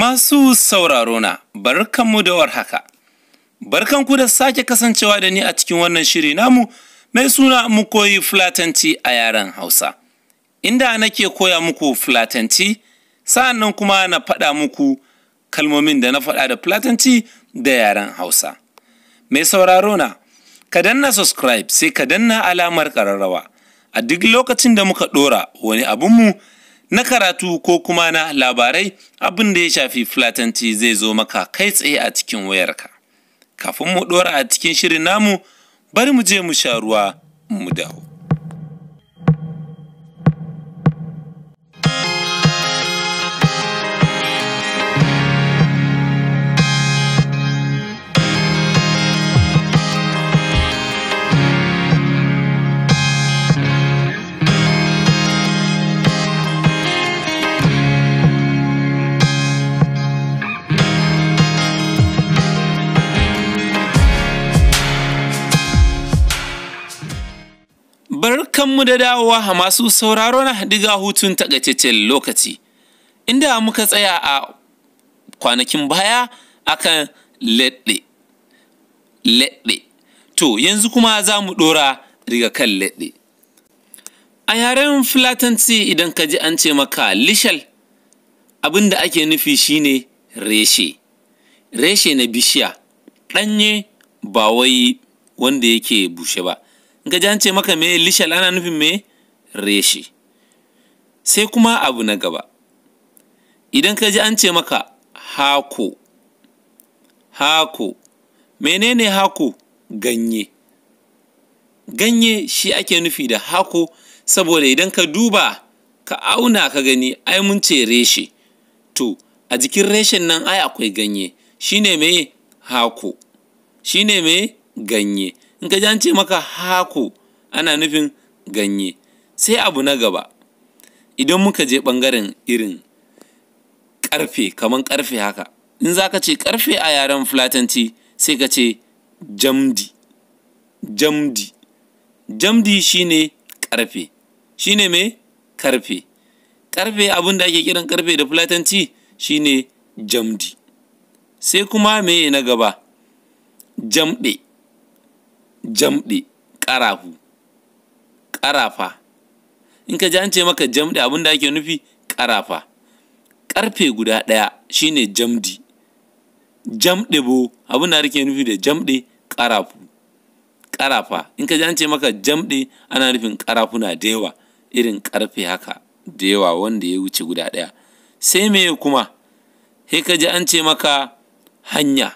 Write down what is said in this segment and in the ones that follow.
Masu sauraro na, barkanmu da warhaka. Barkanku da sake kasancewa da ni a cikin wannan shiri namu mai suna mu koyi Fulatanci a yaren Hausa. Inda nake koya muku Fulatanci, nan kuma na faɗa muku kalmomin da na faɗa da Fulatanci da yaren Hausa. Mai sauraro na, ka danna subscribe sai ka danna alamar ƙararrawa. A duk lokacin da muka ɗora wani abinmu na karatu ko kuma na labarai abin da ya shafi filatanci zai zo maka kai tsaye a cikin wayarka kafin mu ɗora a cikin shirin namu bari mu je mu sha ruwa mu dawo Barkanmu da dawowa masu sauraro na diga hutun takaitaccen lokaci, inda muka tsaya a kwanakin baya akan leɗɗe. Leɗɗe. To, yanzu kuma za mu ɗora riga kan leɗɗe. A yaren Fulatanci idan ka ji an ce maka lishal, abin da ake nufi shine reshe. Reshe na bishiya, ɗanye ba wai wanda yake bushe ba. gaji ka an ce maka me lishal ana nufin me reshe sai kuma abu na gaba idan ka ji an ce maka hako hako menene hako ganye ganye shi ake nufi da hako saboda idan ka duba ka auna ka gani ai mun ce reshe to a jikin reshen nan ai akwai ganye shine me hako shine mai ganye in ka an ce maka hako ana nufin ganye sai abu na gaba idan muka je ɓangaren irin ƙarfe kamar ƙarfe haka in za ka ce ƙarfe a yaren flatanti sai ka ce jamdi jamdi jamdi shine ƙarfe shine mai karfe karfe abin da ake kiran karfe da flatanti shine jamdi sai kuma meye na gaba jamɗe jamɗe ƙarafu ƙarafa in ka ji an ce maka jamɗe abin da ake nufi ƙarafa ƙarfe guda ɗaya shine jamdi jamɗe bo abin da ake nufi da jamɗe ƙarafu ƙarafa in ka ji an ce maka jamɗe ana nufin ƙarafuna da yawa irin ƙarfe haka da yawa wanda ya wuce guda ɗaya sai me kuma sai ka ji an ce maka hanya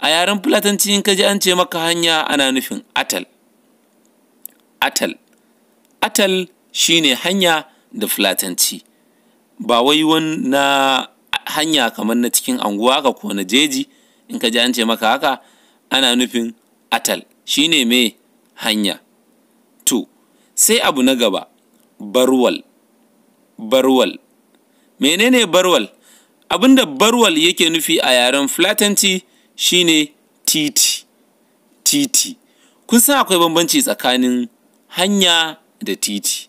a yaren fulatanci in kaji an ce maka hanya ana nufin atal atal atal shine hanya da fulatanci ba wai na hanya kamar na cikin anguwa haka ko na jeji in ka ji an ce maka haka ana nufin atal shine mai hanya to sai abu na gaba barwal barwal menene barwal abin da barwal yake nufi a yaren fulatanci shine titi titi kun san akwai bambanci tsakanin hanya da titi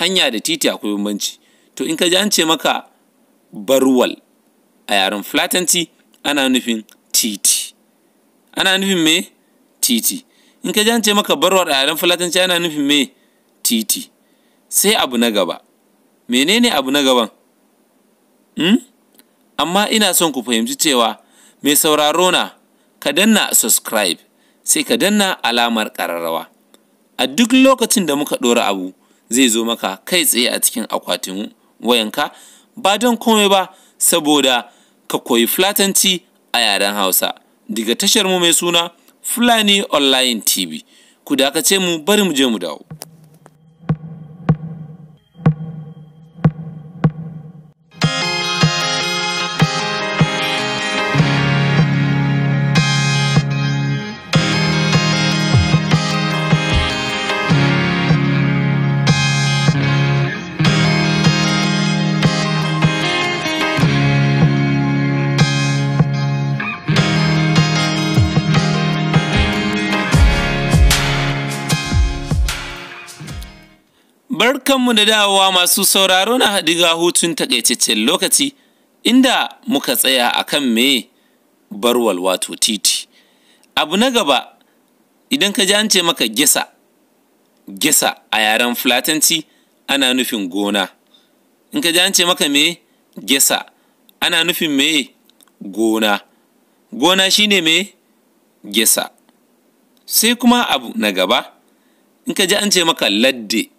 hanya da titi akwai bambanci to in ka ji an ce maka barwal a yaren flatanti ana nufin titi ana nufin me titi in ka ji an ce maka barwal a yaren flatanti ana nufin me titi sai abu na gaba menene abu na gaban hmm? amma ina son ku fahimci cewa mai sauraro na ka danna subscribe sai ka danna alamar ƙararrawa a duk lokacin da muka ɗora abu zai zo maka kai tsaye a cikin akwatin wayanka ba don komai ba saboda ka koyi fulatanci a yaren hausa daga tashar mu mai suna fulani online tv ku dakace mu bari mu je mu dawo Barkanmu da dawowa masu sauraro na ga hutun takaitaccen lokaci inda muka tsaya a kan me barwal wato titi. Abu na gaba idan ka ji an ce maka gesa, gesa a yaren fulatanci ana nufin gona. In ka ji an ce maka me gesa ana nufin me gona. Gona shine me gesa. Sai kuma abu na gaba in ka ji an ce maka ladde.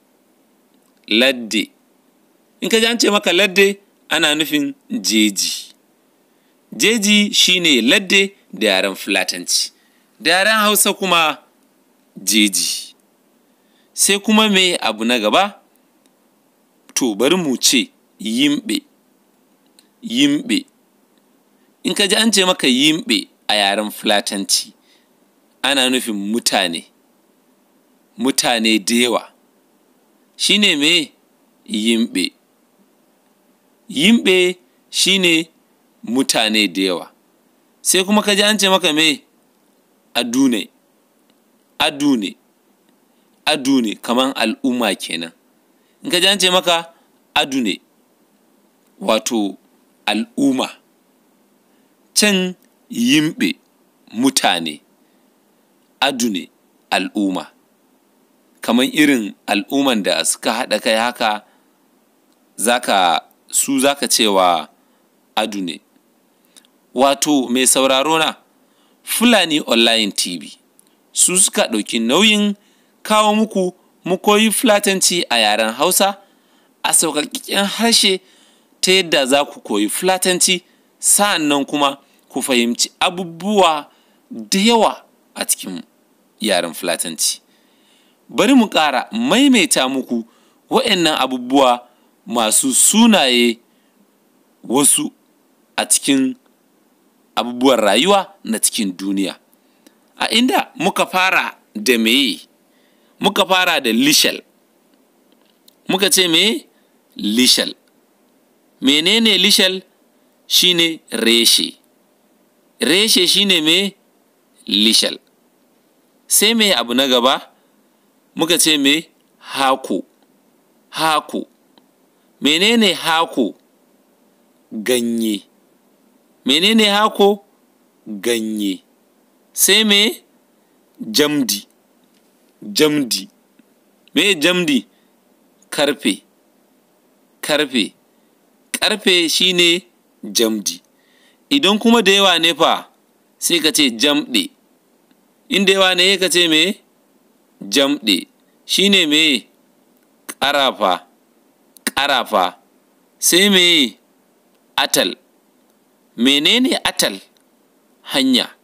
ladde in ka an ce maka ladde ana nufin jeji jeji shine ladde da yaren fulatanci da yaren hausa kuma jeji sai kuma me abu na gaba to bari mu ce yimbe yimbe in ka ji an ce maka yimbe a yaren fulatanci ana nufin mutane mutane da yawa shi ne me yimɓe yimɓe shi ne mutane da yawa sai kuma ka ji an ce maka me adune adune adune kaman al'umma kenan in ka ji an ce maka adune wato al'umma can yimɓe mutane adune al'umma kamar irin al'umman da suka haɗa kai haka zaka su zaka cewa adu ne wato mai sauraro na fulani online tv su suka ɗauki nauyin kawo muku mukoyi fulatanci a yaren hausa a sauƙaƙƙen harshe ta yadda za ku koyi fulatanci sa'annan kuma ku fahimci abubuwa da yawa a cikin yaren fulatanci bari mu ƙara maimaita muku wa'annan abubuwa masu sunaye wasu a cikin abubuwan rayuwa na cikin duniya a inda muka fara da meye muka fara da lishal muka ce meye lishal menene lishal shine reshe reshe shine me lishal sai me abu na gaba muka ce me haku haku menene haku ganye menene hako ganye sai me jamdi jamdi me jamdi karfe karfe karfe shine jamdi idan kuma da yawa ne fa sai ka ce jamɗe in da yawa ne ka ce me jamɗe shi ne meye ƙarafa ƙarafa sai meye atal menene atal hanya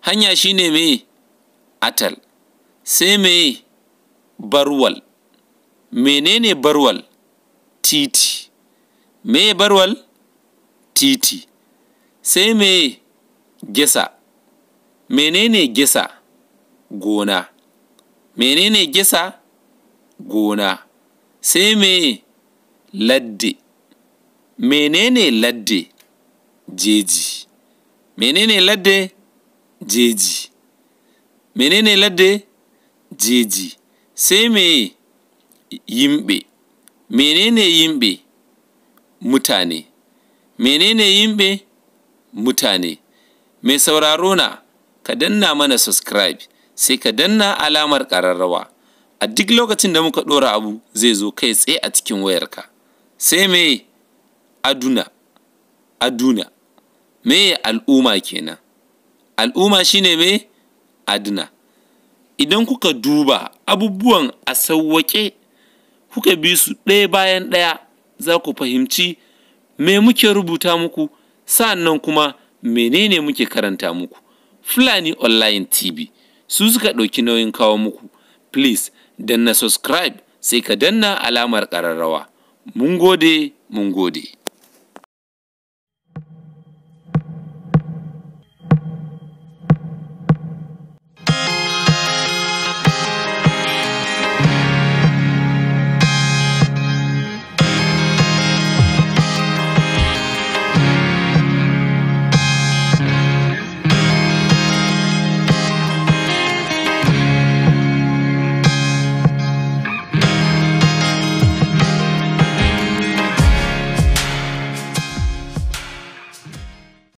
hanya shi ne meye atal sai meye barwal menene barwal titi meye barwal titi sai meye gesa menene gesa gona menene gesa gona sai me ladde menene ladde jeji menene ladde jeji menene ladde jeji sai me yimbe menene yimbe mutane menene yimbe mutane me saurarona ka danna mana subscribe sai ka danna alamar ƙararrawa a duk lokacin da muka ɗora abu zai zo kai tsaye a cikin wayarka sai me aduna aduna me al'umma kenan al'umma shine me aduna idan kuka duba abubuwan a sauwaƙe kuka bi su ɗaya bayan ɗaya za ku fahimci me muke rubuta muku sannan kuma menene muke karanta muku fulani online tv su suka ɗauki nauyin kawo muku please danna subscribe sai ka danna alamar ƙararrawa mun gode mun gode